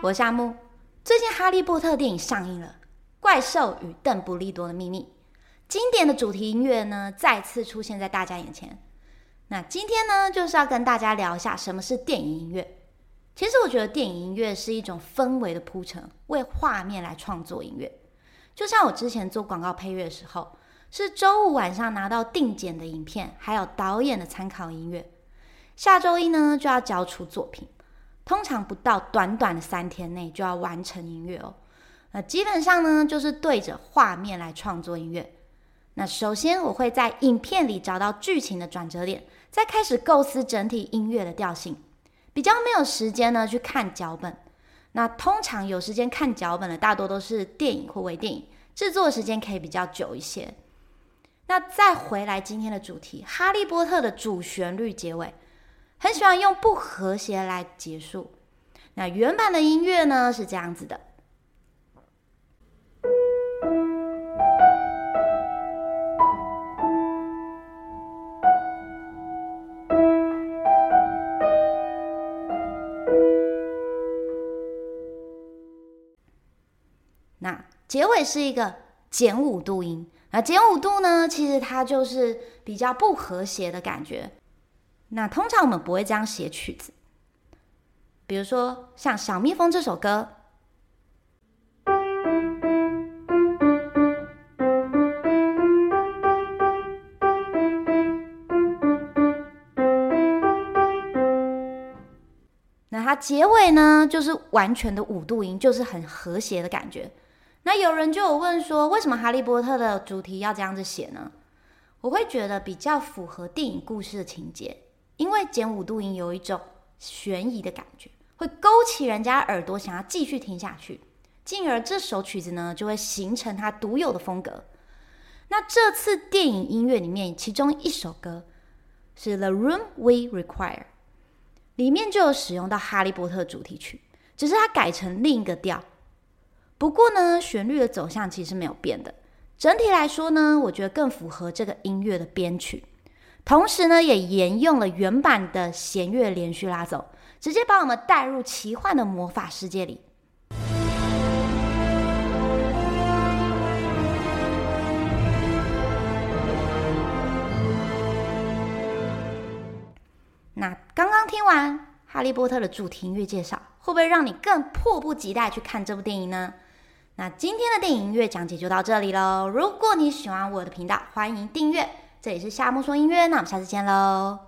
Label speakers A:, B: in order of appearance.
A: 我是夏慕。最近《哈利波特》電影上映了，《怪獸與鄧不利多的秘密》，經典的主題音樂呢再次出現在大家眼前。那今天呢，就是要跟大家聊一下什麼是電影音樂。其實我覺得電影音樂是一種氛圍的鋪陳，為畫面來創作音樂。就像我之前做廣告配樂的時候，是周五晚上拿到定剪的影片，還有導演的參考音樂，下周一呢就要交出作品。通常不到短短的三天內就要完成音樂哦，那基本上呢就是對着畫面來創作音樂。那首先我會在影片裡找到劇情的轉折點，再開始構思整體音樂的調性。比較沒有時間呢去看腳本，那通常有時間看腳本的大多都是電影或微電影，制作時間可以比較久一些。那再回來今天的主題，《哈利波特》的主旋律結尾，很喜歡用不和諧來結束。那原版的音樂呢是這樣子的。那結尾是一個減五度音，那減五度呢，其實它就是比較不和諧的感覺。那通常我們不會這樣寫曲子，比如說像《小蜜蜂》這首歌，那它結尾呢，就是完全的五度音，就是很和諧的感覺。那有人就有問說，為什麼《哈利波特》的主題要這樣子寫呢？我會覺得比較符合電影故事的情節。因為減五度音有一種懸疑的感覺，會勾起人家耳朵，想要繼續聽下去，進而這首曲子呢就會形成它獨有的風格。那這次電影音樂裡面，其中一首歌是《The Room We Require》，裡面就有使用到《哈利波特》主題曲，只是它改成另一個調。不過呢，旋律的走向其實是沒有變的。整體來說呢，我覺得更符合這個音樂的編曲。同時呢，也沿用了原版的弦樂連續拉走，直接把我們帶入奇幻的魔法世界裡。那剛剛聽完《哈利波特》的主題音樂介紹，會不會讓你更迫不及待去看這部電影呢？那今天的電影音樂講解就到這裡囉。如果你喜歡我的頻道，歡迎訂閱。這裡是夏慕說音樂，那我們下次見嘍。